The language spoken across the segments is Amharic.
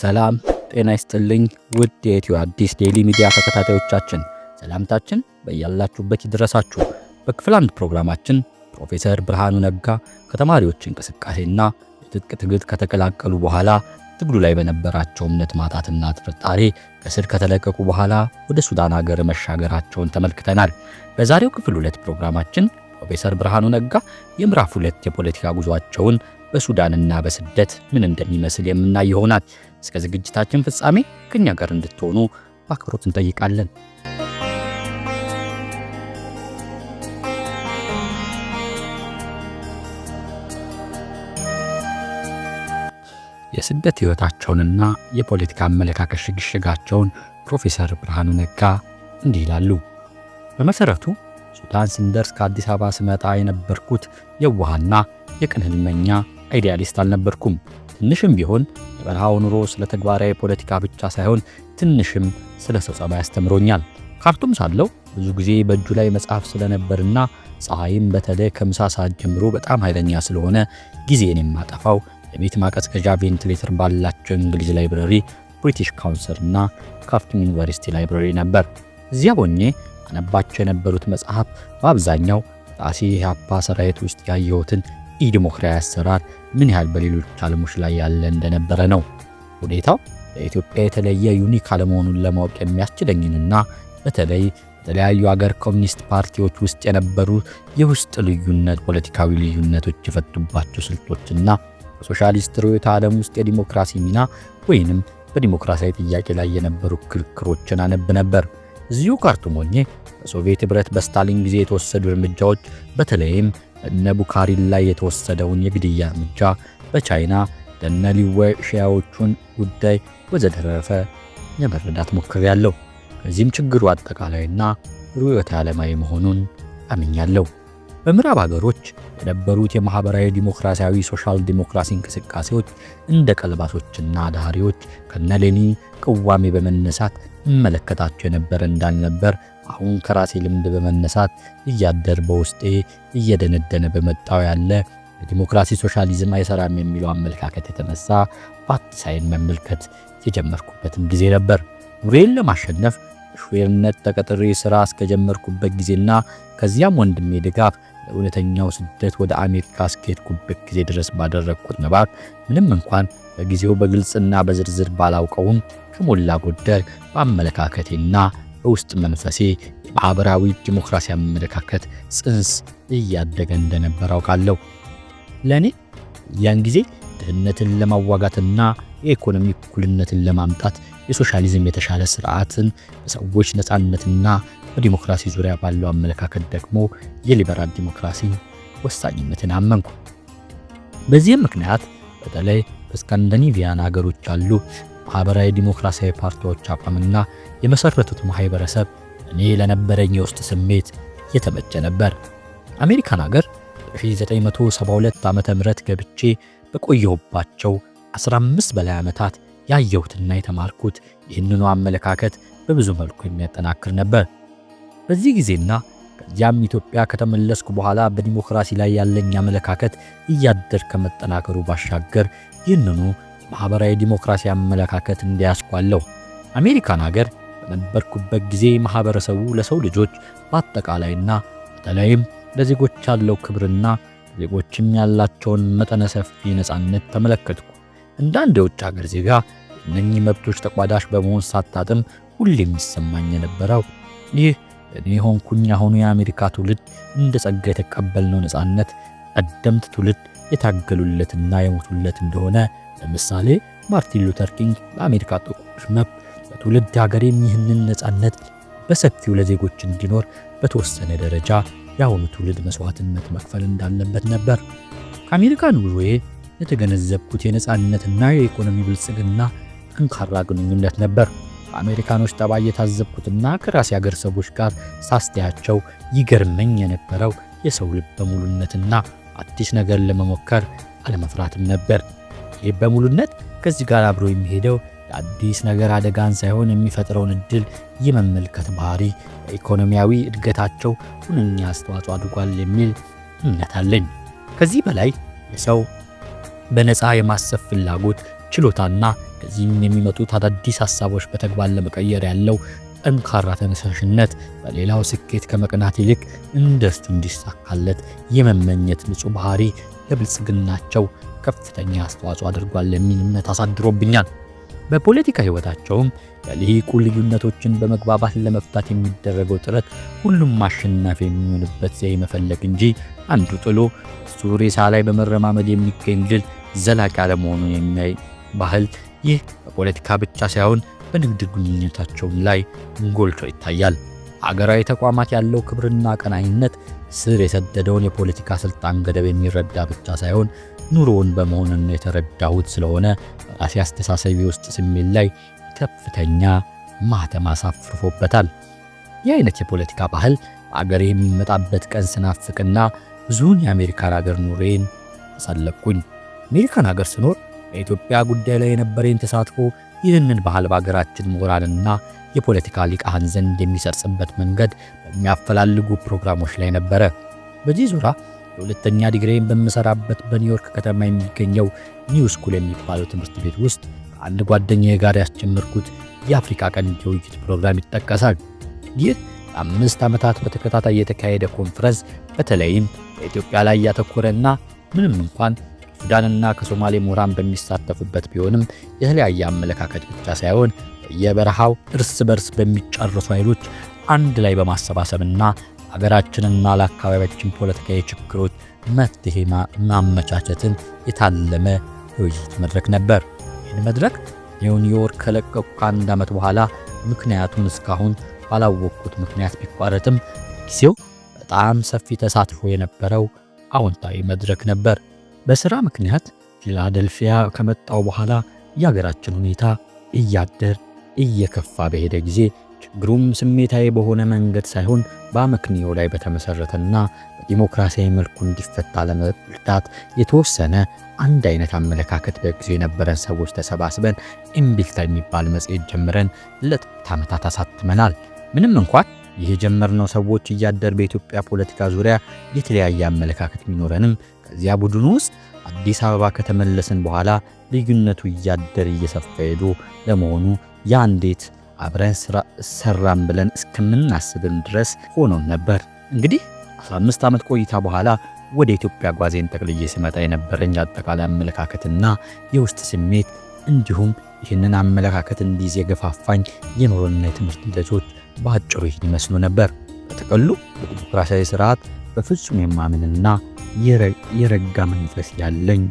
ሰላም ጤና ይስጥልኝ ውድ የኢትዮ አዲስ ዴይሊ ሚዲያ ተከታታዮቻችን ሰላምታችን በያላችሁበት ይድረሳችሁ። በክፍል አንድ ፕሮግራማችን ፕሮፌሰር ብርሃኑ ነጋ ከተማሪዎች እንቅስቃሴና የትጥቅ ትግል ከተቀላቀሉ በኋላ ትግሉ ላይ በነበራቸው እምነት ማጣትና ጥርጣሬ ከስር ከተለቀቁ በኋላ ወደ ሱዳን ሀገር መሻገራቸውን ተመልክተናል። በዛሬው ክፍል ሁለት ፕሮግራማችን ፕሮፌሰር ብርሃኑ ነጋ የምዕራፍ ሁለት የፖለቲካ ጉዟቸውን በሱዳንና በስደት ምን እንደሚመስል የምናይ ይሆናል። እስከ ዝግጅታችን ፍጻሜ ከኛ ጋር እንድትሆኑ በአክብሮት እንጠይቃለን። የስደት ሕይወታቸውንና የፖለቲካ አመለካከት ሽግሽጋቸውን ፕሮፌሰር ብርሃኑ ነጋ እንዲህ ይላሉ። በመሠረቱ ሱዳን ስንደርስ ከአዲስ አበባ ስመጣ የነበርኩት የውሃና የቅን ህልመኛ አይዲያሊስት አልነበርኩም። ትንሽም ቢሆን የበረሃው ኑሮ ስለ ተግባራዊ ፖለቲካ ብቻ ሳይሆን ትንሽም ስለ ሰው ጸባይ ያስተምሮኛል። ካርቱም ሳለው ብዙ ጊዜ በእጁ ላይ መጽሐፍ ስለነበርና ፀሐይም በተለይ ከምሳ ሰዓት ጀምሮ በጣም ኃይለኛ ስለሆነ ጊዜን የማጠፋው የቤት ማቀዝቀዣ ቬንትሌተር ባላቸው እንግሊዝ ላይብረሪ፣ ብሪቲሽ ካውንስል እና ካርቱም ዩኒቨርሲቲ ላይብረሪ ነበር። እዚያ ሆኜ አነባቸው የነበሩት መጽሐፍ በአብዛኛው ጣሴ ኢህአፓ ሰራዊት ውስጥ ያየሁትን ኢዲሞክራዊ አሰራር ምን ያህል በሌሎች ዓለሞች ላይ ያለ እንደነበረ ነው። ሁኔታው ለኢትዮጵያ የተለየ ዩኒክ አለመሆኑን ለማወቅ የሚያስችለኝንና በተለይ በተለያዩ አገር ኮሚኒስት ፓርቲዎች ውስጥ የነበሩ የውስጥ ልዩነት ፖለቲካዊ ልዩነቶች የፈቱባቸው ስልቶችና በሶሻሊስት ርዕዮተ ዓለም ውስጥ የዲሞክራሲ ሚና ወይንም በዲሞክራሲያዊ ጥያቄ ላይ የነበሩ ክርክሮችን አነብ ነበር። እዚሁ ካርቱም ሆኜ በሶቪየት ኅብረት በስታሊን ጊዜ የተወሰዱ እርምጃዎች በተለይም እነ ቡካሪን ላይ የተወሰደውን የግድያ እርምጃ በቻይና ለነ ሊዌይ ሺያዎቹን ጉዳይ ወዘተረፈ ሞክር ያለው። ከዚህም ችግሩ አጠቃላይና ርዕዮተ ዓለማዊ መሆኑን አምኛለሁ። በምዕራብ ሀገሮች የነበሩት የማህበራዊ ዲሞክራሲያዊ ሶሻል ዲሞክራሲ እንቅስቃሴዎች እንደ ቀልባሶችና ዳሪዎች ከነሌኒ ቅዋሜ በመነሳት እመለከታቸው የነበረ እንዳልነበር አሁን ከራሴ ልምድ በመነሳት እያደር በውስጤ እየደነደነ በመጣው ያለ በዲሞክራሲ ሶሻሊዝም አይሰራም የሚለው አመለካከት የተነሳ ፓርቲሳይን መመልከት የጀመርኩበትም ጊዜ ነበር። ኑሬን ለማሸነፍ ሹርነት ተቀጥሬ ስራ እስከጀመርኩበት ጊዜና ከዚያም ወንድሜ ድጋፍ ለእውነተኛው ስደት ወደ አሜሪካ እስከሄድኩበት ጊዜ ድረስ ባደረግኩት መባት ምንም እንኳን በጊዜው በግልጽና በዝርዝር ባላውቀውም ከሞላ ጎደል በአመለካከቴና ውስጥ መንፈሴ ማኅበራዊ ዲሞክራሲ አመለካከት ጽንስ እያደገ እንደነበር አውቃለሁ። ለእኔ ያን ጊዜ ድህነትን ለማዋጋትና የኢኮኖሚ እኩልነትን ለማምጣት የሶሻሊዝም የተሻለ ስርዓትን በሰዎች ነፃነትና በዲሞክራሲ ዙሪያ ባለው አመለካከት ደግሞ የሊበራል ዲሞክራሲ ወሳኝነትን አመንኩ። በዚህም ምክንያት በተለይ በስካንዲኔቪያን ሀገሮች አሉ ማህበራዊ ዲሞክራሲያዊ ፓርቲዎች አቋምና የመሰረቱት ማህበረሰብ እኔ ለነበረኝ የውስጥ ስሜት የተመቸ ነበር። አሜሪካን ሀገር በ1972 ዓ ም ገብቼ በቆየሁባቸው 15 በላይ ዓመታት ያየሁትና የተማርኩት ይህንኑ አመለካከት በብዙ መልኩ የሚያጠናክር ነበር። በዚህ ጊዜና ከዚያም ኢትዮጵያ ከተመለስኩ በኋላ በዲሞክራሲ ላይ ያለኝ አመለካከት እያደር ከመጠናከሩ ባሻገር ይህንኑ ማኅበራዊ ዲሞክራሲ አመለካከት እንዲያስኳለሁ። አሜሪካን አገር በነበርኩበት ጊዜ ማኅበረሰቡ ለሰው ልጆች በአጠቃላይና በተለይም ለዜጎች ያለው ክብርና ዜጎችም ያላቸውን መጠነ ሰፊ ነፃነት ተመለከትኩ። እንዳንድ የውጭ ሀገር ዜጋ እነኚህ መብቶች ተቋዳሽ በመሆን ሳታጥም ሁሌ የሚሰማኝ የነበረው ይህ እኔ ሆንኩኝ አሁኑ የአሜሪካ ትውልድ እንደ ጸጋ የተቀበልነው ነፃነት ቀደምት ትውልድ የታገሉለትና የሞቱለት እንደሆነ ለምሳሌ ማርቲን ሉተር ኪንግ ለአሜሪካ ጥቁር መብት በትውልድ ሀገሬም ይህንን ነፃነት በሰፊው ለዜጎች እንዲኖር በተወሰነ ደረጃ የአሁኑ ትውልድ መስዋዕትነት መክፈል እንዳለበት ነበር። ከአሜሪካን ጉዞዬ የተገነዘብኩት የነፃነትና የኢኮኖሚ ብልጽግና ጠንካራ ግንኙነት ነበር። ከአሜሪካኖች ጠባይ የታዘብኩትና ከራሴ ሀገር ሰዎች ጋር ሳስተያቸው ይገርመኝ የነበረው የሰው ልብ በሙሉነትና አዲስ ነገር ለመሞከር አለመፍራትም ነበር። ይህ በሙሉነት ከዚህ ጋር አብሮ የሚሄደው የአዲስ ነገር አደጋን ሳይሆን የሚፈጥረውን እድል የመመልከት ባህሪ በኢኮኖሚያዊ እድገታቸው ሁነኛ አስተዋጽኦ አድርጓል የሚል እምነት አለኝ። ከዚህ በላይ የሰው በነፃ የማሰብ ፍላጎት ችሎታና ከዚህም የሚመጡት አዳዲስ ሀሳቦች በተግባር ለመቀየር ያለው ጠንካራ ተነሳሽነት በሌላው ስኬት ከመቅናት ይልቅ እንደሱ እንዲሳካለት የመመኘት ንጹህ ባህሪ ለብልጽግናቸው ከፍተኛ አስተዋጽኦ አድርጓል የሚል እምነት አሳድሮብኛል። በፖለቲካ ህይወታቸውም የልሂቁ ልዩነቶችን በመግባባት ለመፍታት የሚደረገው ጥረት ሁሉም አሸናፊ የሚሆንበት ዘይ መፈለግ እንጂ አንዱ ጥሎ እሱ ሬሳ ላይ በመረማመድ የሚገኝ ድል ዘላቂ አለመሆኑን የሚያይ ባህል ይህ በፖለቲካ ብቻ ሳይሆን በንግድ ግንኙነታቸውን ላይ ጎልቶ ይታያል። አገራዊ ተቋማት ያለው ክብርና ቀናኝነት ስር የሰደደውን የፖለቲካ ስልጣን ገደብ የሚረዳ ብቻ ሳይሆን ኑሮውን በመሆን የተረዳሁት ስለሆነ ራሴ አስተሳሰቢ ውስጥ ስሜት ላይ ከፍተኛ ማህተም አሳፍርፎበታል። ይህ አይነት የፖለቲካ ባህል አገሬ የሚመጣበት ቀን ስናፍቅና ብዙውን የአሜሪካን ሀገር ኑሬን አሳለቅኩኝ። አሜሪካን ሀገር ስኖር በኢትዮጵያ ጉዳይ ላይ የነበረኝ ተሳትፎ ይህንን ባህል በአገራችን ምሁራንና የፖለቲካ ሊቃህን ዘንድ የሚሰርጽበት መንገድ በሚያፈላልጉ ፕሮግራሞች ላይ ነበረ። በዚህ ዙሪያ የሁለተኛ ዲግሪን በምሰራበት በኒውዮርክ ከተማ የሚገኘው ኒው ስኩል የሚባለው ትምህርት ቤት ውስጥ ከአንድ ጓደኛዬ ጋር ያስጀመርኩት የአፍሪካ ቀንድ የውይይት ፕሮግራም ይጠቀሳል። ይህ አምስት ዓመታት በተከታታይ የተካሄደ ኮንፈረንስ በተለይም በኢትዮጵያ ላይ ያተኮረና ምንም እንኳን ሱዳንና ከሶማሌ ምሁራን በሚሳተፉበት ቢሆንም የተለያየ አመለካከት ብቻ ሳይሆን የበረሃው እርስ በርስ በሚጫረሱ ኃይሎች አንድ ላይ በማሰባሰብና ለአገራችንና ለአካባቢያችን ፖለቲካዊ ችግሮች መፍትሄ ማመቻቸትን የታለመ የውይይት መድረክ ነበር። ይህን መድረክ የኒውዮርክ ከለቀቁ ከአንድ ዓመት በኋላ ምክንያቱን እስካሁን ባላወቅኩት ምክንያት ቢቋረጥም ጊዜው በጣም ሰፊ ተሳትፎ የነበረው አዎንታዊ መድረክ ነበር። በሥራ ምክንያት ፊላደልፊያ ከመጣው በኋላ የአገራችን ሁኔታ እያደር እየከፋ በሄደ ጊዜ ግሩም ስሜታዊ በሆነ መንገድ ሳይሆን በአመክንዮ ላይ በተመሰረተና በዲሞክራሲያዊ መልኩ እንዲፈታ ለመርዳት የተወሰነ አንድ አይነት አመለካከት በጊዜው የነበረን ሰዎች ተሰባስበን እምቢልታ የሚባል መጽሔት ጀምረን ለጥቂት ዓመታት አሳትመናል። ምንም እንኳን ይህ የጀመርነው ሰዎች እያደር በኢትዮጵያ ፖለቲካ ዙሪያ የተለያየ አመለካከት ቢኖረንም ከዚያ ቡድን ውስጥ አዲስ አበባ ከተመለስን በኋላ ልዩነቱ እያደር እየሰፋ ሄዶ ለመሆኑ ያ እንዴት አብረን ስራ ሰራን ብለን እስከምናስብን ድረስ ሆኖን ነበር። እንግዲህ 15 ዓመት ቆይታ በኋላ ወደ ኢትዮጵያ ጓዜን ጠቅልዬ ስመጣ የነበረኝ አጠቃላይ አመለካከትና የውስጥ ስሜት እንዲሁም ይህንን አመለካከት እንዲይዝ የገፋፋኝ የኖርና የትምህርት ሂደቶች በአጭሩ ይህን ይመስሉ ነበር። በጥቅሉ በዲሞክራሲያዊ ስርዓት በፍጹም የማምንና የረጋ መንፈስ ያለኝ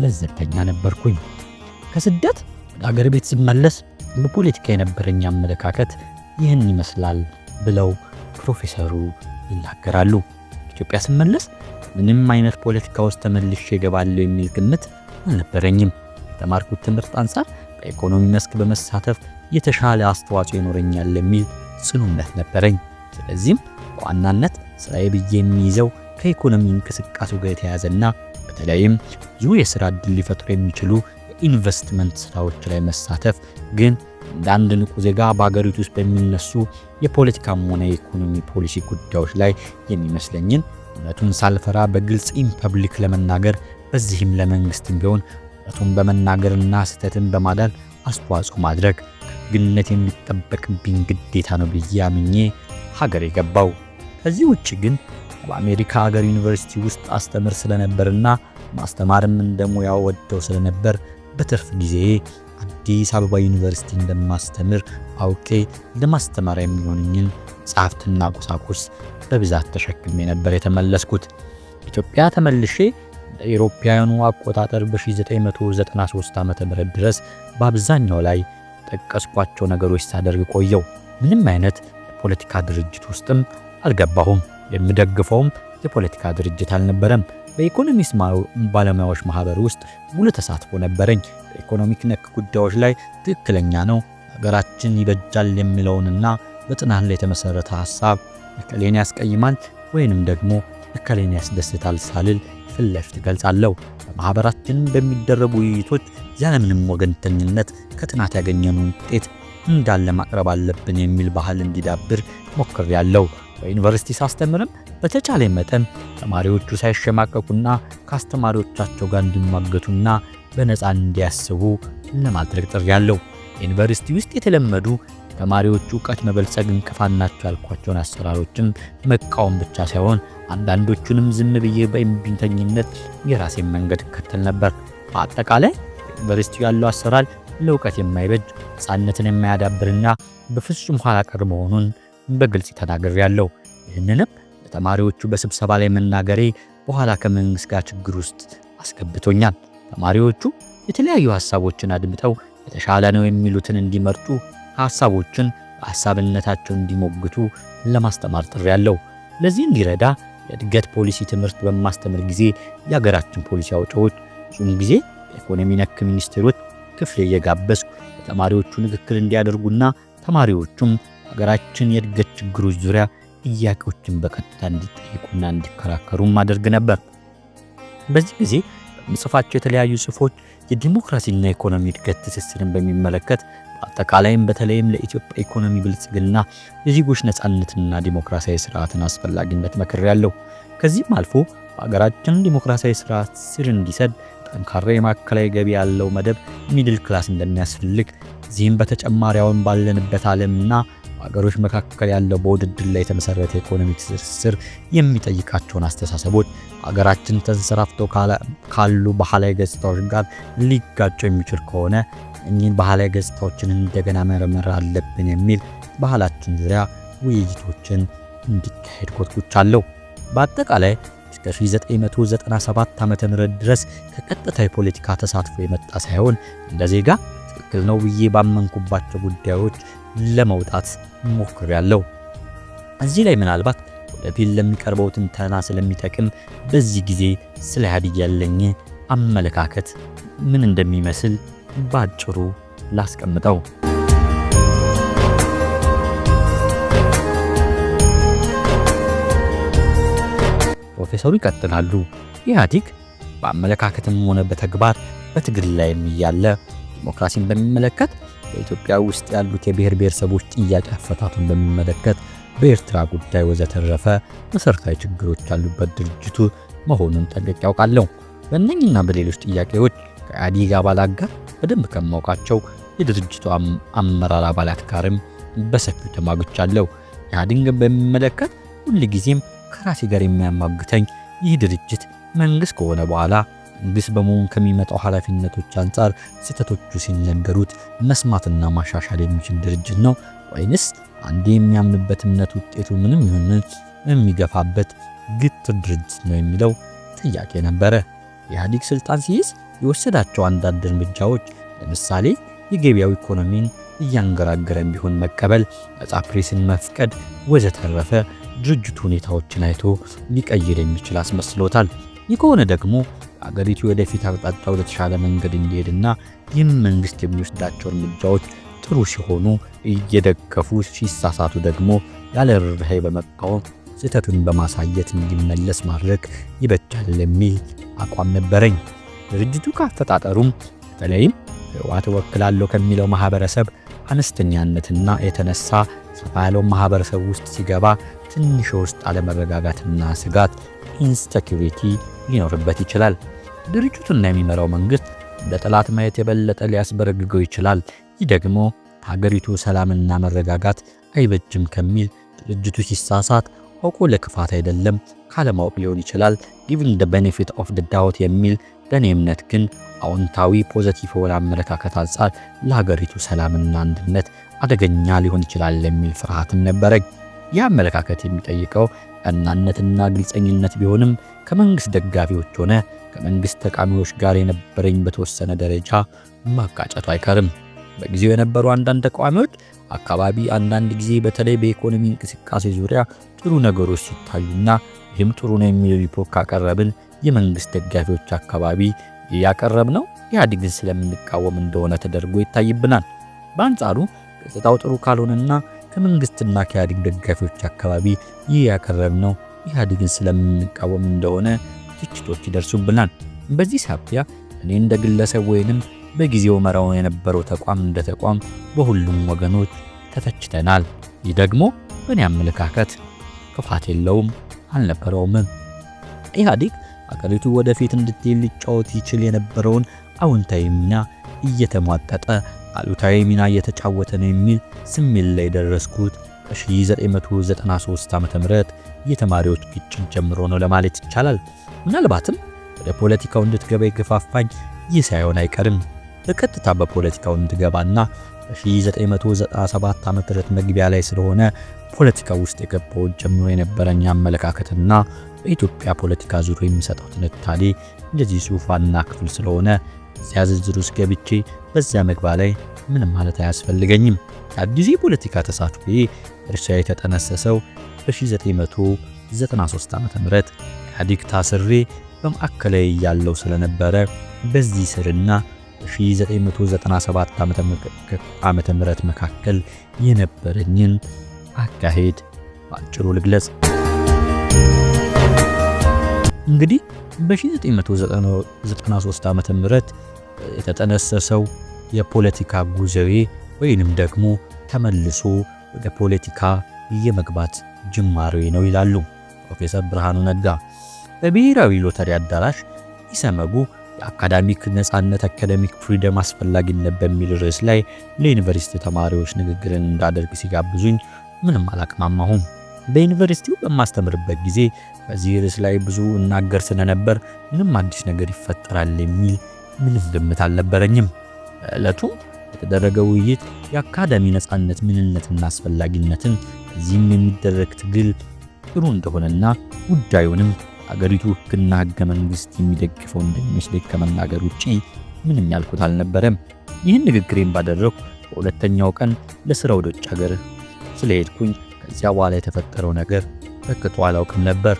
ለዘተኛ ነበርኩኝ። ከስደት ወደ አገር ቤት ስመለስ በፖለቲካ የነበረኝ አመለካከት ይህን ይመስላል ብለው ፕሮፌሰሩ ይናገራሉ። ኢትዮጵያ ስመለስ ምንም አይነት ፖለቲካ ውስጥ ተመልሼ እገባለሁ የሚል ግምት አልነበረኝም። የተማርኩት ትምህርት አንጻር በኢኮኖሚ መስክ በመሳተፍ የተሻለ አስተዋጽኦ ይኖረኛል የሚል ጽኑ እምነት ነበረኝ። ስለዚህም በዋናነት ስራዬ ብዬ የሚይዘው ከኢኮኖሚ እንቅስቃሴው ጋር የተያያዘና በተለይም ብዙ የስራ እድል ሊፈጥሩ የሚችሉ የኢንቨስትመንት ስራዎች ላይ መሳተፍ ግን አንድ ንቁ ዜጋ በሀገሪቱ ውስጥ በሚነሱ የፖለቲካም ሆነ የኢኮኖሚ ፖሊሲ ጉዳዮች ላይ የሚመስለኝን እውነቱን ሳልፈራ በግልጽ ኢን ፐብሊክ ለመናገር በዚህም ለመንግስትም ቢሆን እውነቱን በመናገርና ስህተትን በማዳን አስተዋጽኦ ማድረግ ግንነት የሚጠበቅብኝ ግዴታ ነው ብዬ አምኜ ሀገር የገባው። ከዚህ ውጭ ግን በአሜሪካ ሀገር ዩኒቨርሲቲ ውስጥ አስተምር ስለነበርና ማስተማርም እንደሙያው ወደው ስለነበር በትርፍ ጊዜ አዲስ አበባ ዩኒቨርሲቲ እንደማስተምር አውቄ ለማስተማር የሚሆንኝን ጸሐፍትና ቁሳቁስ በብዛት ተሸክሜ ነበር የተመለስኩት። ኢትዮጵያ ተመልሼ ኤሮፓውያኑ አቆጣጠር በ1993 ዓ ም ድረስ በአብዛኛው ላይ ጠቀስኳቸው ነገሮች ሳደርግ ቆየው። ምንም አይነት የፖለቲካ ድርጅት ውስጥም አልገባሁም። የምደግፈውም የፖለቲካ ድርጅት አልነበረም። በኢኮኖሚስ ባለሙያዎች ማህበር ውስጥ ሙሉ ተሳትፎ ነበረኝ። በኢኮኖሚክ ነክ ጉዳዮች ላይ ትክክለኛ ነው፣ ሀገራችን ይበጃል የሚለውንና በጥናት ላይ የተመሰረተ ሀሳብ እከሌን ያስቀይማል ወይንም ደግሞ እከሌን ያስደስታል ሳልል ፊት ለፊት እገልጻለሁ። በማህበራችን በሚደረጉ ውይይቶች ያለምንም ወገንተኝነት ከጥናት ያገኘነውን ውጤት እንዳለ ማቅረብ አለብን የሚል ባህል እንዲዳብር ሞክሬያለሁ። በዩኒቨርሲቲ ሳስተምርም በተቻለ መጠን ተማሪዎቹ ሳይሸማቀቁና ከአስተማሪዎቻቸው ጋር እንዲሟገቱና በነፃ እንዲያስቡ ለማድረግ ጥሪ ያለው ዩኒቨርሲቲ ውስጥ የተለመዱ ተማሪዎቹ እውቀት መበልጸግ እንቅፋት ናቸው ያልኳቸውን መቃወም ብቻ ሳይሆን አንዳንዶቹንም ዝም ብዬ በእምቢተኝነት የራሴን መንገድ እከተል ነበር። በአጠቃላይ ዩኒቨርሲቲ ያለው አሰራር ለእውቀት የማይበጅ ነፃነትን የማያዳብርና በፍጹም ኋላ ቀር መሆኑን በግልጽ ተናግሬያለሁ። ይህንንም ተማሪዎቹ በስብሰባ ላይ መናገሬ በኋላ ከመንግሥት ጋር ችግር ውስጥ አስገብቶኛል። ተማሪዎቹ የተለያዩ ሐሳቦችን አድምጠው የተሻለ ነው የሚሉትን እንዲመርጡ፣ ሐሳቦችን በሐሳብነታቸው እንዲሞግቱ ለማስተማር ጥሪ አለው ለዚህ እንዲረዳ የእድገት ፖሊሲ ትምህርት በማስተምር ጊዜ የሀገራችን ፖሊሲ አውጪዎች ብዙም ጊዜ በኢኮኖሚ ነክ ሚኒስቴሮች ክፍል እየጋበዝኩ የተማሪዎቹ ንግግር እንዲያደርጉና ተማሪዎቹም ሀገራችን የእድገት ችግሮች ዙሪያ ጥያቄዎችን በቀጥታ እንዲጠይቁና እንዲከራከሩም ማድረግ ነበር። በዚህ ጊዜ ምጽፋቸው የተለያዩ ጽሁፎች የዲሞክራሲና ኢኮኖሚ እድገት ትስስርን በሚመለከት በአጠቃላይም በተለይም ለኢትዮጵያ ኢኮኖሚ ብልጽግና የዜጎች ነፃነትና ዲሞክራሲያዊ ስርዓትን አስፈላጊነት መክር ያለው ከዚህም አልፎ በሀገራችን ዲሞክራሲያዊ ስርዓት ስር እንዲሰድ ጠንካራ የማዕከላዊ ገቢ ያለው መደብ ሚድል ክላስ እንደሚያስፈልግ፣ እዚህም በተጨማሪ አሁን ባለንበት ዓለምና ሀገሮች መካከል ያለው በውድድር ላይ የተመሰረተ የኢኮኖሚክ ትስስር የሚጠይቃቸውን አስተሳሰቦች አገራችን ተንሰራፍተው ካሉ ባህላዊ ገጽታዎች ጋር ሊጋጩ የሚችል ከሆነ እኚህን ባህላዊ ገጽታዎችን እንደገና መረመር አለብን የሚል ባህላችን ዙሪያ ውይይቶችን እንዲካሄድ ኮትኩቻለሁ። በአጠቃላይ እስከ 1997 ዓ ም ድረስ ከቀጥታ የፖለቲካ ተሳትፎ የመጣ ሳይሆን እንደ ዜጋ ትክክል ነው ብዬ ባመንኩባቸው ጉዳዮች ለመውጣት ሞክሬያለሁ። እዚህ ላይ ምናልባት ወደፊት ለሚቀርበው ትንተና ስለሚጠቅም በዚህ ጊዜ ስለ ኢህአዴግ ያለኝ አመለካከት ምን እንደሚመስል ባጭሩ ላስቀምጠው። ፕሮፌሰሩ ይቀጥላሉ። ኢህአዴግ በአመለካከትም ሆነ በተግባር በትግል ላይ እያለ ዲሞክራሲን በሚመለከት በኢትዮጵያ ውስጥ ያሉት የብሔር ብሔረሰቦች ጥያቄ አፈታቱን በሚመለከት በኤርትራ ጉዳይ ወዘተረፈ መሰረታዊ ችግሮች ያሉበት ድርጅቱ መሆኑን ጠንቅቄ ያውቃለሁ። በእነኝና በሌሎች ጥያቄዎች ከኢህአዴግ አባላት ጋር በደንብ ከማውቃቸው የድርጅቱ አመራር አባላት ጋርም በሰፊው ተሟግቻለሁ። ኢህአዴግን በሚመለከት ጊዜም ከራሴ ጋር የሚያሟግተኝ ይህ ድርጅት መንግሥት ከሆነ በኋላ ቢስ በመሆን ከሚመጣው ኃላፊነቶች አንጻር ስህተቶቹ ሲነገሩት መስማትና ማሻሻል የሚችል ድርጅት ነው ወይንስ አንድ የሚያምንበት እምነት ውጤቱ ምንም ይሁን የሚገፋበት ግትር ድርጅት ነው የሚለው ጥያቄ ነበረ። ኢህአዴግ ስልጣን ሲይዝ የወሰዳቸው አንዳንድ እርምጃዎች ለምሳሌ የገበያው ኢኮኖሚን እያንገራገረን ቢሆን መቀበል፣ ነጻ ፕሬስን መፍቀድ ወዘተረፈ ድርጅቱ ሁኔታዎችን አይቶ ሊቀይር የሚችል አስመስሎታል። ይህ ከሆነ ደግሞ አገሪቱ ወደፊት አቅጣጫ ተሻለ መንገድ እንዲሄድና ይህም መንግስት የሚወስዳቸው እርምጃዎች ጥሩ ሲሆኑ እየደገፉ ሲሳሳቱ ደግሞ ያለ ርኅራኄ በመቃወም ስህተቱን በማሳየት እንዲመለስ ማድረግ ይበጃል የሚል አቋም ነበረኝ። ድርጅቱ ካፈጣጠሩም በተለይም ህወሓት እወክላለሁ ከሚለው ማህበረሰብ አነስተኛነትና የተነሳ ሰፋ ያለው ማህበረሰብ ውስጥ ሲገባ ትንሽ ውስጥ አለመረጋጋትና ስጋት ኢንሴኪሪቲ ሊኖርበት ይችላል። ድርጅቱና የሚመራው መንግስት እንደ ጠላት ማየት የበለጠ ሊያስበረግገው ይችላል። ይህ ደግሞ ሀገሪቱ ሰላምና መረጋጋት አይበጅም ከሚል ድርጅቱ ሲሳሳት አውቆ ለክፋት አይደለም ካለማወቅ ሊሆን ይችላል። ጊቭን ደ ቤኔፊት ኦፍ ደ ዳውት የሚል በእኔ እምነት ግን አዎንታዊ ፖዘቲቭ የሆነ አመለካከት አንጻር ለሀገሪቱ ሰላምና አንድነት አደገኛ ሊሆን ይችላል የሚል ፍርሃትም ነበረኝ። ይህ አመለካከት የሚጠይቀው ቀናነትና ግልጸኝነት ቢሆንም ከመንግስት ደጋፊዎች ሆነ ከመንግስት ተቃሚዎች ጋር የነበረኝ በተወሰነ ደረጃ ማቃጨቱ አይቀርም። በጊዜው የነበሩ አንዳንድ ተቃዋሚዎች አካባቢ አንዳንድ ጊዜ በተለይ በኢኮኖሚ እንቅስቃሴ ዙሪያ ጥሩ ነገሮች ሲታዩና ይህም ጥሩ ነው የሚል ሪፖርት ካቀረብን የመንግስት ደጋፊዎች አካባቢ ያቀረብ ነው ኢህአዴግን ስለምንቃወም እንደሆነ ተደርጎ ይታይብናል። በአንጻሩ ገጽታው ጥሩ ካልሆነና ከመንግስትና ከኢህአዴግ ደጋፊዎች አካባቢ ይህ ያቀረብ ነው ኢህአዴግን ስለምንቃወም እንደሆነ ትችቶች ይደርሱብናል። በዚህ ሳቢያ እኔ እንደ ግለሰብ ወይንም በጊዜው መራው የነበረው ተቋም እንደ ተቋም በሁሉም ወገኖች ተተችተናል። ይህ ደግሞ በእኔ አመለካከት ክፋት የለውም አልነበረውም። ኢህአዴግ አገሪቱ ወደፊት እንድትሄድ ሊጫወት ይችል የነበረውን አውንታዊ ሚና እየተሟጠጠ አሉታዊ ሚና እየተጫወተ ነው የሚል ስሜት ላይ ደረስኩት። ከ1993 ዓ.ም የተማሪዎች ግጭት ጀምሮ ነው ለማለት ይቻላል። ምናልባትም ወደ ፖለቲካው እንድትገባ የገፋፋኝ ይህ ሳይሆን አይቀርም። በቀጥታ በፖለቲካው እንድገባና ከ1997 ዓ.ም መግቢያ ላይ ስለሆነ ፖለቲካ ውስጥ የገባው ጀምሮ የነበረኝ አመለካከትና በኢትዮጵያ ፖለቲካ ዙሪያ የሚሰጠው ትንታኔ እንደዚህ ጽሑፋና ክፍል ስለሆነ እዚያ ዝርዝር ውስጥ ገብቼ በዚያ መግባ ላይ ምንም ማለት አያስፈልገኝም። አዲሱ የፖለቲካ ተሳትፎ እርሻ የተጠነሰሰው በ1993 ዓ.ም ኢህአዴግ ታስሬ በማዕከላዊ ያለው ስለነበረ በዚህ ስርና በ1997 ዓመተ ምህረት መካከል የነበረኝን አካሄድ በአጭሩ ልግለጽ። እንግዲህ በ1993 ዓመተ ምህረት የተጠነሰሰው የፖለቲካ ጉዞዬ ወይንም ደግሞ ተመልሶ ወደ ፖለቲካ የመግባት ጅማሬ ነው ይላሉ ፕሮፌሰር ብርሃኑ ነጋ። በብሔራዊ ሎተሪ አዳራሽ ኢሰመጉ የአካዳሚክ ነፃነት አካዳሚክ ፍሪደም አስፈላጊነት በሚል ርዕስ ላይ ለዩኒቨርሲቲ ተማሪዎች ንግግርን እንዳደርግ ሲጋብዙኝ ምንም አላቅማማሁም። በዩኒቨርሲቲው በማስተምርበት ጊዜ በዚህ ርዕስ ላይ ብዙ እናገር ስለነበር ምንም አዲስ ነገር ይፈጠራል የሚል ምንም ግምት አልነበረኝም። በዕለቱ የተደረገ ውይይት የአካዳሚ ነፃነት ምንነትና አስፈላጊነትን፣ እዚህም የሚደረግ ትግል ጥሩ እንደሆነና ጉዳዩንም አገሪቱ ሕግና ሕገ መንግሥት የሚደግፈው እንደሚመስለኝ ከመናገር ውጪ ምንም ያልኩት አልነበረም። ይህን ንግግሬን ባደረግኩ በሁለተኛው ቀን ለስራ ወደ ውጭ ሀገር ስለሄድኩኝ ከዚያ በኋላ የተፈጠረው ነገር ተክቶ አላውቅም ነበር።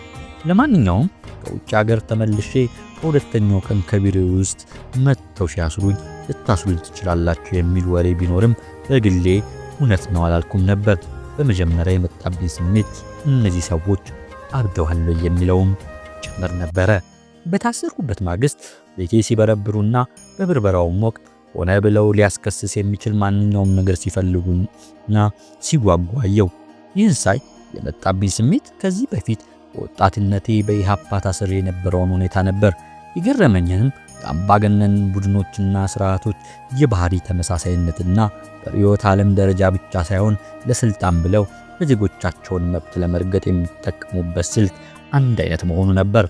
ለማንኛውም ከውጭ ሀገር ተመልሼ በሁለተኛው ቀን ከቢሮ ውስጥ መጥተው ሲያስሩኝ ልታስሩኝ ትችላላችሁ የሚል ወሬ ቢኖርም በግሌ እውነት ነው አላልኩም ነበር። በመጀመሪያ የመጣብኝ ስሜት እነዚህ ሰዎች አብደዋል የሚለውም ጭምር ነበረ። በታሰርኩበት ማግስት ቤቴ ሲበረብሩና በብርበራውም ወቅት ሆነ ብለው ሊያስከስስ የሚችል ማንኛውም ነገር ሲፈልጉና ሲጓጓየው ይህን ሳይ የመጣብኝ ስሜት ከዚህ በፊት በወጣትነቴ በኢህአፓ ታስሬ የነበረውን ሁኔታ ነበር። የገረመኝንም የአምባገነን ቡድኖችና ስርዓቶች የባህሪ ተመሳሳይነትና በርዕዮተ ዓለም ደረጃ ብቻ ሳይሆን ለስልጣን ብለው የዜጎቻቸውን መብት ለመርገጥ የሚጠቀሙበት ስልት አንድ አይነት መሆኑ ነበር።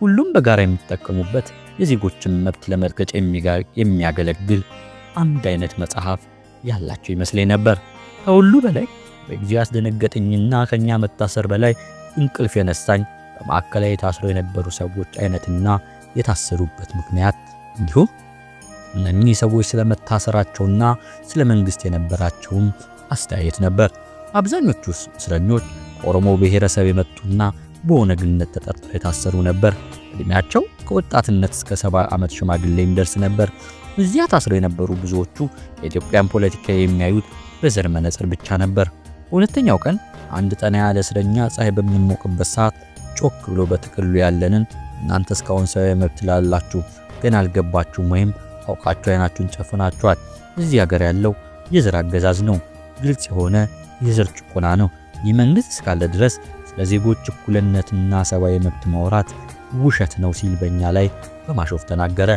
ሁሉም በጋራ የሚጠቀሙበት የዜጎችን መብት ለመርገጭ የሚያገለግል አንድ አይነት መጽሐፍ ያላቸው ይመስለኝ ነበር። ከሁሉ በላይ በጊዜው ያስደነገጠኝና ከእኛ መታሰር በላይ እንቅልፍ የነሳኝ በማዕከላዊ ታስረው የነበሩ ሰዎች አይነትና የታሰሩበት ምክንያት እንዲሁም እነኚህ ሰዎች ስለመታሰራቸውና ስለ መንግሥት የነበራቸውም አስተያየት ነበር። አብዛኞቹ እስረኞች ከኦሮሞ ብሔረሰብ የመጡና በኦነግነት ተጠርጥረው የታሰሩ ነበር። እድሜያቸው ከወጣትነት እስከ ሰባ ዓመት ሽማግሌ የሚደርስ ነበር። እዚያ ታስረው የነበሩ ብዙዎቹ የኢትዮጵያን ፖለቲካ የሚያዩት በዘር መነጽር ብቻ ነበር። በሁለተኛው ቀን አንድ ጠና ያለ እስረኛ ፀሐይ በሚሞቅበት ሰዓት ጮክ ብሎ በጥቅሉ ያለንን እናንተ እስካሁን ሰው መብት ላላችሁ ገና አልገባችሁም ወይም አውቃችሁ አይናችሁን ጨፍናችኋል። እዚህ ሀገር ያለው የዘር አገዛዝ ነው። ግልጽ የሆነ የዘር ጭቆና ነው። ይህ መንግስት እስካለ ድረስ ስለ ዜጎች እኩልነትና ሰብአዊ መብት ማውራት ውሸት ነው ሲል በእኛ ላይ በማሾፍ ተናገረ።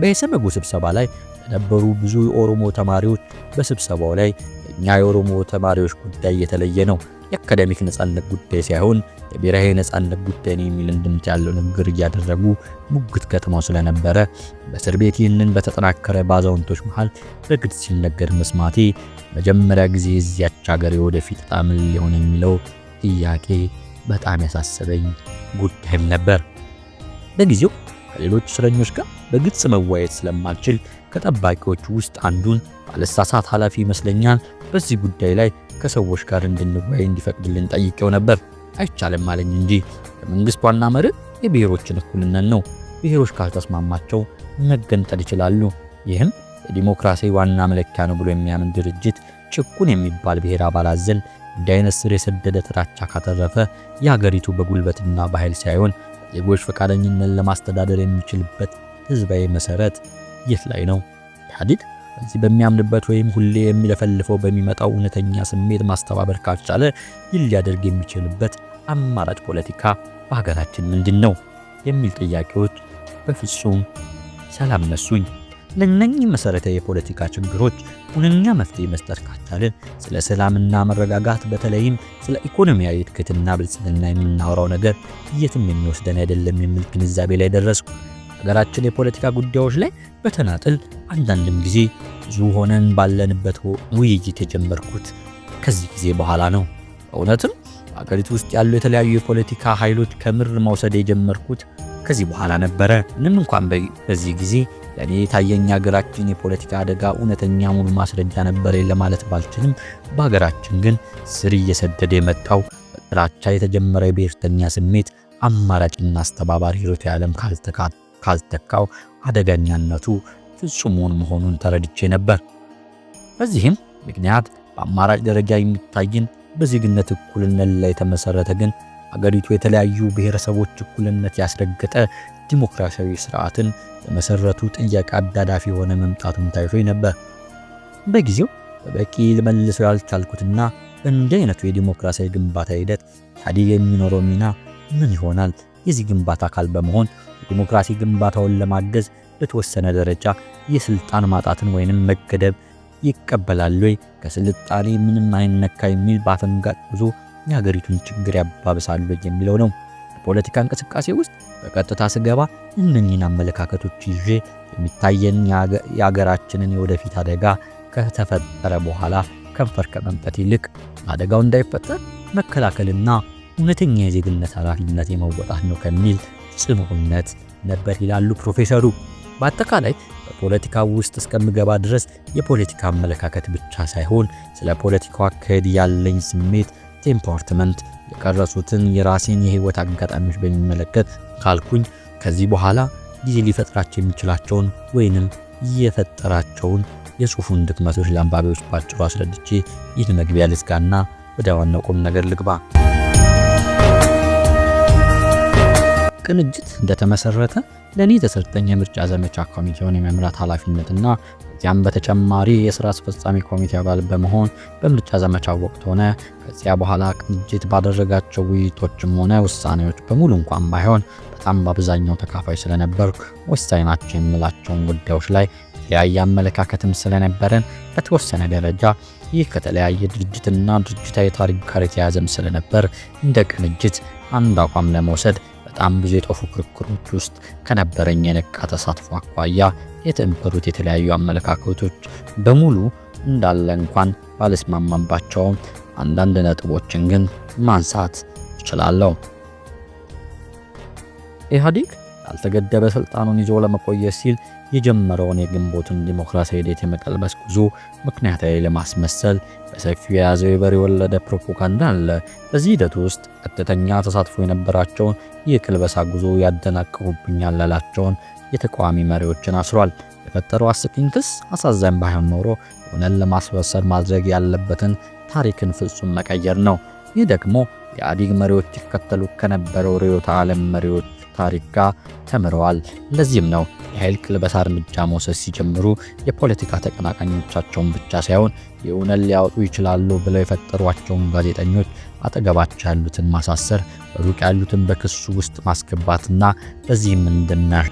በኢሰመጉ ስብሰባ ላይ የነበሩ ብዙ የኦሮሞ ተማሪዎች በስብሰባው ላይ እኛ የኦሮሞ ተማሪዎች ጉዳይ የተለየ ነው የአካዳሚክ ነጻነት ጉዳይ ሳይሆን የብሔራዊ ነጻነት ጉዳይ ነው የሚል እንድምት ያለው ንግግር እያደረጉ ሙግት ገጥመው ስለነበረ በእስር ቤት ይህንን በተጠናከረ በአዛውንቶች መሃል በግድ ሲነገር መስማቴ መጀመሪያ ጊዜ እዚያች ሀገር ወደፊት ዕጣ ምን ሊሆን የሚለው ጥያቄ በጣም ያሳሰበኝ ጉዳይም ነበር። በጊዜው ከሌሎች እስረኞች ጋር በግልጽ መወያየት ስለማልችል ከጠባቂዎች ውስጥ አንዱን ባለሳሳት ኃላፊ ይመስለኛል በዚህ ጉዳይ ላይ ከሰዎች ጋር እንድንወያይ እንዲፈቅድልን ጠይቄው ነበር። አይቻልም አለኝ እንጂ የመንግስት ዋና መርህ የብሔሮችን እኩልነት ነው። ብሔሮች ካልተስማማቸው መገንጠል ይችላሉ። ይህም የዲሞክራሲ ዋና መለኪያ ነው ብሎ የሚያምን ድርጅት ጭቁን የሚባል ብሔር አባል አዘል እንዲህ አይነት ስር የሰደደ ጥላቻ ካተረፈ የሀገሪቱ በጉልበትና በኃይል ሳይሆን ዜጎች ፈቃደኝነት ለማስተዳደር የሚችልበት ህዝባዊ መሰረት የት ላይ ነው? ኢህአዴግ በዚህ በሚያምንበት ወይም ሁሌ የሚለፈልፈው በሚመጣው እውነተኛ ስሜት ማስተባበር ካልቻለ ይህ ሊያደርግ የሚችልበት አማራጭ ፖለቲካ በሀገራችን ምንድን ነው የሚል ጥያቄዎች በፍጹም ሰላም ነሱኝ። ለእነኚህ መሠረታዊ የፖለቲካ ችግሮች ሁነኛ መፍትሄ መስጠት ካልቻለን ስለ ሰላምና መረጋጋት በተለይም ስለ ኢኮኖሚያዊ እድገትና ብልጽግና የምናወራው ነገር የትም የሚወስደን አይደለም የሚል ግንዛቤ ላይ ደረስኩ። ሀገራችን የፖለቲካ ጉዳዮች ላይ በተናጥል አንዳንድም ጊዜ ብዙ ሆነን ባለንበት ውይይት የጀመርኩት ከዚህ ጊዜ በኋላ ነው። እውነትም በሀገሪቱ ውስጥ ያሉ የተለያዩ የፖለቲካ ኃይሎች ከምር መውሰድ የጀመርኩት ከዚህ በኋላ ነበረ። ምንም እንኳን በዚህ ጊዜ ለእኔ የታየኝ ሀገራችን የፖለቲካ አደጋ እውነተኛ ሙሉ ማስረጃ ነበረ ለማለት ባልችልም፣ በሀገራችን ግን ስር እየሰደደ የመጣው በጥላቻ የተጀመረ የብሔርተኛ ስሜት አማራጭና አስተባባሪ ርዕዮተ የዓለም ካልተካተተ ካልተካው አደገኛነቱ ፍጹሙን መሆኑን ተረድቼ ነበር። በዚህም ምክንያት በአማራጭ ደረጃ የሚታይን በዜግነት እኩልነት ላይ የተመሰረተ ግን አገሪቱ የተለያዩ ብሔረሰቦች እኩልነት ያስረገጠ ዲሞክራሲያዊ ስርዓትን በመሰረቱ ጥያቄ አዳዳፊ የሆነ መምጣቱን ታይቶኝ ነበር። በጊዜው በበቂ ልመልሰው ያልቻልኩትና እንዲህ አይነቱ የዲሞክራሲያዊ ግንባታ ሂደት ኢህአዴግ የሚኖረው ሚና ምን ይሆናል የዚህ ግንባታ አካል በመሆን ዲሞክራሲ ግንባታውን ለማገዝ በተወሰነ ደረጃ የስልጣን ማጣትን ወይንም መገደብ ይቀበላል ወይ ከስልጣኔ ምንም አይነካ የሚል በአፈንጋጭ ጉዞ የሀገሪቱን ችግር ያባብሳሉ የሚለው ነው። በፖለቲካ እንቅስቃሴ ውስጥ በቀጥታ ስገባ እነኚህን አመለካከቶች ይዤ የሚታየን የሀገራችንን የወደፊት አደጋ ከተፈጠረ በኋላ ከንፈር ከመምጠት ይልቅ አደጋው እንዳይፈጠር መከላከልና እውነተኛ የዜግነት ኃላፊነት የመወጣት ነው ከሚል ጽኑ እምነት ነበር ይላሉ ፕሮፌሰሩ። በአጠቃላይ በፖለቲካ ውስጥ እስከምገባ ድረስ የፖለቲካ አመለካከት ብቻ ሳይሆን ስለ ፖለቲካው አካሄድ ያለኝ ስሜት ቴምፖርትመንት የቀረሱትን የራሴን የህይወት አጋጣሚዎች በሚመለከት ካልኩኝ ከዚህ በኋላ ጊዜ ሊፈጥራቸው የሚችላቸውን ወይንም የፈጠራቸውን የጽሁፉን ድክመቶች ለአንባቢዎች ባጭሩ አስረድቼ ይህን መግቢያ ልዝጋና ወደ ዋናው ቁም ነገር ልግባ። ቅንጅት እንደተመሰረተ ለእኔ የተሰጠኝ የምርጫ ዘመቻ ኮሚቴውን የመምራት ኃላፊነትና ከዚያም በተጨማሪ የስራ አስፈጻሚ ኮሚቴ አባል በመሆን በምርጫ ዘመቻው ወቅት ሆነ ከዚያ በኋላ ቅንጅት ባደረጋቸው ውይይቶችም ሆነ ውሳኔዎች በሙሉ እንኳን ባይሆን በጣም በአብዛኛው ተካፋይ ስለነበርኩ ወሳኝ ናቸው የምላቸውን ጉዳዮች ላይ የተለያየ አመለካከትም ስለነበረን በተወሰነ ደረጃ ይህ ከተለያየ ድርጅትና ድርጅታዊ ታሪክ ጋር የተያዘም ስለነበር እንደ ቅንጅት አንድ አቋም ለመውሰድ በጣም ብዙ የጦፉ ክርክሮች ውስጥ ከነበረኝ የነቃ ተሳትፎ አኳያ የተንበሩት የተለያዩ አመለካከቶች በሙሉ እንዳለ እንኳን ባለስማማባቸው አንዳንድ ነጥቦችን ግን ማንሳት እችላለሁ። ኢህአዴግ ያልተገደበ ስልጣኑን ይዞ ለመቆየት ሲል የጀመረውን የግንቦትን ዲሞክራሲያዊ ሂደት የመቀልበስ ጉዞ ምክንያታዊ ለማስመሰል በሰፊው የያዘው የበሬ ወለደ ፕሮፓጋንዳ አለ። በዚህ ሂደት ውስጥ ቀጥተኛ ተሳትፎ የነበራቸውን ይህ ጉዞ ያደናቅፉብኛል ያላቸውን የተቃዋሚ መሪዎችን አስሯል። የፈጠረው አስቂኝ ክስ አሳዛኝ ባይሆን ኖሮ እውነን ለማስበሰር ማድረግ ያለበትን ታሪክን ፍጹም መቀየር ነው። ይህ ደግሞ የአዲግ መሪዎች ይከተሉት ከነበረው ርዕዮተ ዓለም መሪዎች ታሪክ ጋር ተምረዋል። ለዚህም ነው የኃይል ክልበሳ እርምጃ መውሰድ ሲጀምሩ የፖለቲካ ተቀናቃኞቻቸውን ብቻ ሳይሆን የእውነት ሊያወጡ ይችላሉ ብለው የፈጠሯቸውን ጋዜጠኞች አጠገባቸው ያሉትን ማሳሰር፣ ሩቅ ያሉትን በክሱ ውስጥ ማስገባትና በዚህም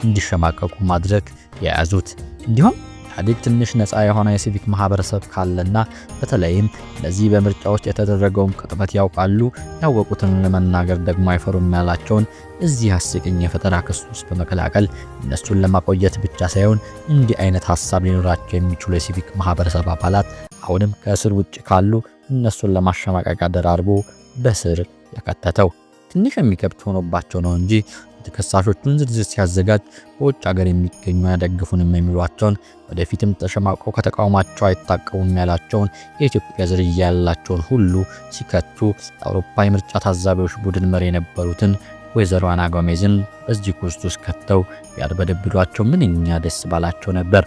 እንዲሸማቀቁ ማድረግ የያዙት እንዲሁም ኢህአዴግ ትንሽ ነፃ የሆነ የሲቪክ ማህበረሰብ ካለና በተለይም ለዚህ በምርጫዎች የተደረገውን ቅጥበት ያውቃሉ፣ ያወቁትን ለመናገር ደግሞ አይፈሩም ያላቸውን እዚህ አስቂኝ የፈጠራ ክስ ውስጥ በመቀላቀል እነሱን ለማቆየት ብቻ ሳይሆን እንዲህ አይነት ሀሳብ ሊኖራቸው የሚችሉ የሲቪክ ማህበረሰብ አባላት አሁንም ከእስር ውጭ ካሉ እነሱን ለማሸማቀቂያ ደራርቦ በስር የከተተው ትንሽ የሚከብድ ሆኖባቸው ነው እንጂ ተከሳሾቹን ዝርዝር ሲያዘጋጅ በውጭ ሀገር የሚገኙ አያደግፉንም የሚሏቸውን ወደፊትም ተሸማቀው ከተቃውሟቸው አይታቀሙም ያላቸውን የኢትዮጵያ ዝርያ ያላቸውን ሁሉ ሲከቱ የአውሮፓ የምርጫ ታዛቢዎች ቡድን መሪ የነበሩትን ወይዘሮ አና ጎሜዝን በዚህ ውስጥ ውስጥ ከተው ቢያድበደብዷቸው ምንኛ ደስ ባላቸው ነበር።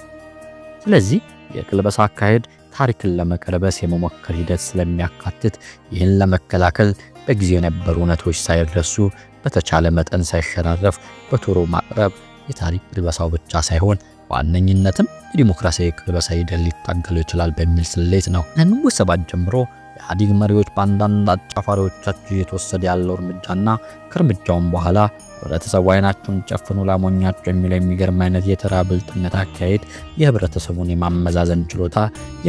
ስለዚህ የቅልበሳ አካሄድ ታሪክን ለመቀለበስ የመሞከር ሂደት ስለሚያካትት ይህን ለመከላከል በጊዜ የነበሩ እውነቶች ሳይረሱ በተቻለ መጠን ሳይሸራረፍ በቶሎ ማቅረብ የታሪክ ቅልበሳው ብቻ ሳይሆን በዋነኝነትም የዲሞክራሲያዊ ቅልበሳ ሂደት ሊታገሉ ይችላል በሚል ስሌት ነው። ከመወሰባት ጀምሮ የኢህአዴግ መሪዎች በአንዳንድ አጫፋሪዎቻቸው እየተወሰደ ያለው እርምጃና ከእርምጃውም በኋላ ህብረተሰቡ አይናቸውን ጨፍኑ ላሞኛቸው የሚለው የሚገርም አይነት የተራ ብልጥነት አካሄድ የህብረተሰቡን የማመዛዘን ችሎታ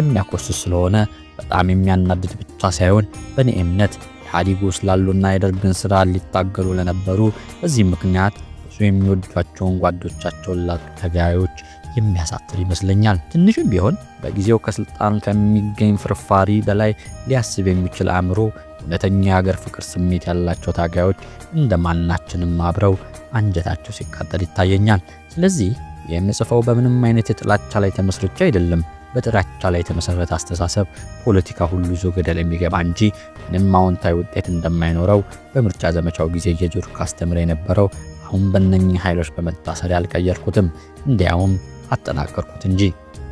የሚያኮስስ ስለሆነ በጣም የሚያናድድ ብቻ ሳይሆን በእኔ እምነት ኢህአዲግ ውስጥ ላሉና የደርግን ስራ ሊታገሉ ለነበሩ በዚህ ምክንያት ብዙ የሚወዷቸውን ጓዶቻቸውን ላጡ ተጋዮች የሚያሳትር ይመስለኛል። ትንሽም ቢሆን በጊዜው ከስልጣን ከሚገኝ ፍርፋሪ በላይ ሊያስብ የሚችል አእምሮ፣ እውነተኛ የሀገር ፍቅር ስሜት ያላቸው ታጋዮች እንደ ማናችንም አብረው አንጀታቸው ሲቃጠል ይታየኛል። ስለዚህ የምጽፈው በምንም አይነት የጥላቻ ላይ ተመስርቼ አይደለም። በጥላቻ ላይ የተመሰረተ አስተሳሰብ ፖለቲካ ሁሉ ይዞ ገደል የሚገባ እንጂ ምንም አዎንታዊ ውጤት እንደማይኖረው በምርጫ ዘመቻው ጊዜ እየዞርኩ ካስተምር የነበረው አሁን በእነኚህ ኃይሎች በመታሰር ያልቀየርኩትም እንዲያውም አጠናቀርኩት እንጂ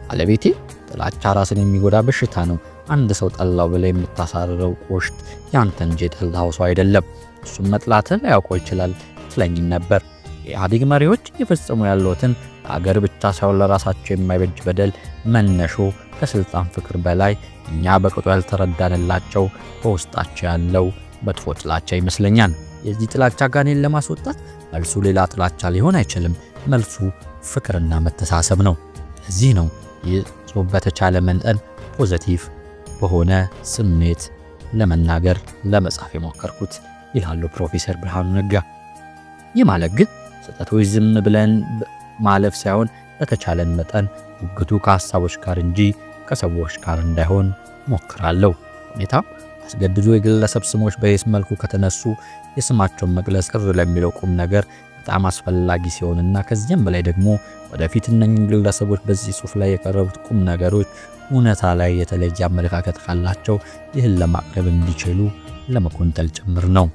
ባለቤቴ ጥላቻ ራስን የሚጎዳ በሽታ ነው። አንድ ሰው ጠላው ብለ የምታሳርረው ቆሽት ያንተ እንጂ የጠላኸው ሰው አይደለም፣ እሱም መጥላትን ላያውቀው ይችላል ትለኝም ነበር። የኢህአዴግ መሪዎች እየፈጸሙ ያለትን አገር ብቻ ሳይሆን ለራሳቸው የማይበጅ በደል መነሾ ከስልጣን ፍቅር በላይ እኛ በቅጡ ያልተረዳንላቸው በውስጣቸው ያለው መጥፎ ጥላቻ ይመስለኛል። የዚህ ጥላቻ ጋኔን ለማስወጣት መልሱ ሌላ ጥላቻ ሊሆን አይችልም። መልሱ ፍቅርና መተሳሰብ ነው። ለዚህ ነው ይህ በተቻለ መጠን ፖዘቲቭ በሆነ ስሜት ለመናገር ለመጻፍ የሞከርኩት ይላሉ ፕሮፌሰር ብርሃኑ ነጋ። ይህ ማለት ግን ስህተቶች ዝም ብለን ማለፍ ሳይሆን በተቻለን መጠን ውግቱ ከሀሳቦች ጋር እንጂ ከሰዎች ጋር እንዳይሆን ሞክራለሁ። ሁኔታ አስገድዶ የግለሰብ ስሞች በየስ መልኩ ከተነሱ የስማቸውን መግለጽ ቅር ለሚለው ቁም ነገር በጣም አስፈላጊ ሲሆንና ከዚያም በላይ ደግሞ ወደፊት እነኝን ግለሰቦች በዚህ ጽሁፍ ላይ የቀረቡት ቁም ነገሮች እውነታ ላይ የተለየ አመለካከት ካላቸው ይህን ለማቅረብ እንዲችሉ ለመኮንተል ጭምር ነው።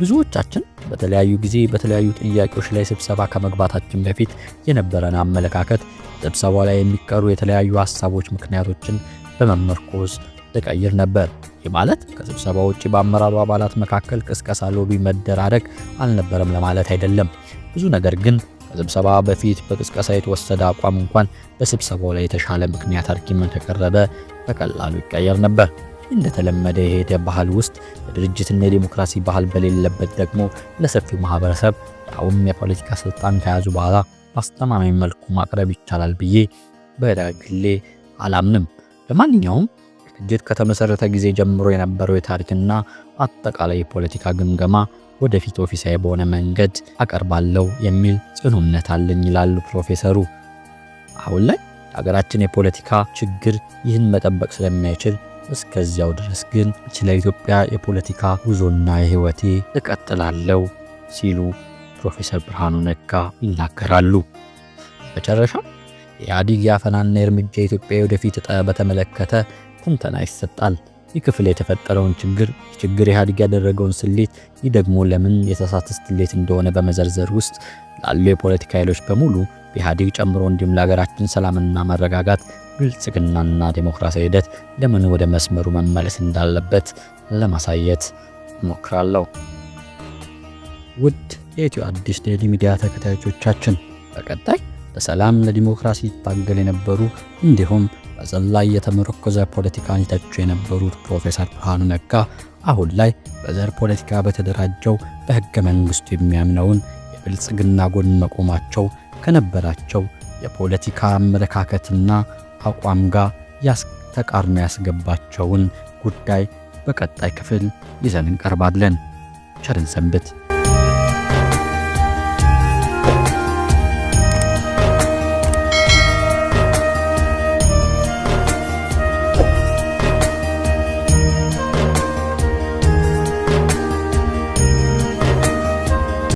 ብዙዎቻችን በተለያዩ ጊዜ በተለያዩ ጥያቄዎች ላይ ስብሰባ ከመግባታችን በፊት የነበረን አመለካከት ስብሰባው ላይ የሚቀሩ የተለያዩ ሀሳቦች ምክንያቶችን በመመርኮዝ ተቀይር ነበር። ይህ ማለት ከስብሰባ ውጭ በአመራሩ አባላት መካከል ቅስቀሳ፣ ሎቢ መደራረግ አልነበረም ለማለት አይደለም። ብዙ ነገር ግን ከስብሰባ በፊት በቅስቀሳ የተወሰደ አቋም እንኳን በስብሰባው ላይ የተሻለ ምክንያት አርኪመን ከቀረበ በቀላሉ ይቀየር ነበር። እንደተለመደ የሄደ ባህል ውስጥ ድርጅትና የዴሞክራሲ ባህል በሌለበት ደግሞ ለሰፊው ማህበረሰብ ያውም የፖለቲካ ስልጣን ከያዙ በኋላ በአስተማማኝ መልኩ ማቅረብ ይቻላል ብዬ በግሌ አላምንም። ለማንኛውም ድርጅት ከተመሰረተ ጊዜ ጀምሮ የነበረው የታሪክና አጠቃላይ የፖለቲካ ግምገማ ወደፊት ኦፊሳዊ በሆነ መንገድ አቀርባለሁ የሚል ጽኑ እምነት አለኝ ይላሉ ፕሮፌሰሩ። አሁን ላይ የሀገራችን የፖለቲካ ችግር ይህን መጠበቅ ስለማይችል እስከዚያው ድረስ ግን ስለ ኢትዮጵያ የፖለቲካ ጉዞና የሕይወቴ እቀጥላለሁ ሲሉ ፕሮፌሰር ብርሃኑ ነጋ ይናገራሉ። መጨረሻ የኢህአዴግ የአፈናና የእርምጃ የኢትዮጵያ ወደፊት እጣ በተመለከተ ትንተና ይሰጣል። ይህ ክፍል የተፈጠረውን ችግር፣ የችግር ኢህአዲግ ያደረገውን ስሌት፣ ይህ ደግሞ ለምን የተሳሳተ ስሌት እንደሆነ በመዘርዘር ውስጥ ላሉ የፖለቲካ ኃይሎች በሙሉ በኢህአዲግ ጨምሮ እንዲሁም ለሀገራችን ሰላምና መረጋጋት ብልጽግናና ዴሞክራሲያዊ ሂደት ለምን ወደ መስመሩ መመለስ እንዳለበት ለማሳየት እሞክራለሁ። ውድ የኢትዮ አዲስ ዴይሊ ሚዲያ ተከታዮቻችን በቀጣይ ለሰላም ለዲሞክራሲ ይታገል የነበሩ እንዲሁም በዘር ላይ የተመረኮዘ ፖለቲካን ይተቹ የነበሩት ፕሮፌሰር ብርሃኑ ነጋ አሁን ላይ በዘር ፖለቲካ በተደራጀው በሕገ መንግሥቱ የሚያምነውን የብልጽግና ጎን መቆማቸው ከነበራቸው የፖለቲካ አመለካከትና አቋም ጋር ተቃርኖ ያስገባቸውን ጉዳይ በቀጣይ ክፍል ይዘን እንቀርባለን። ቸርን ሰንብት።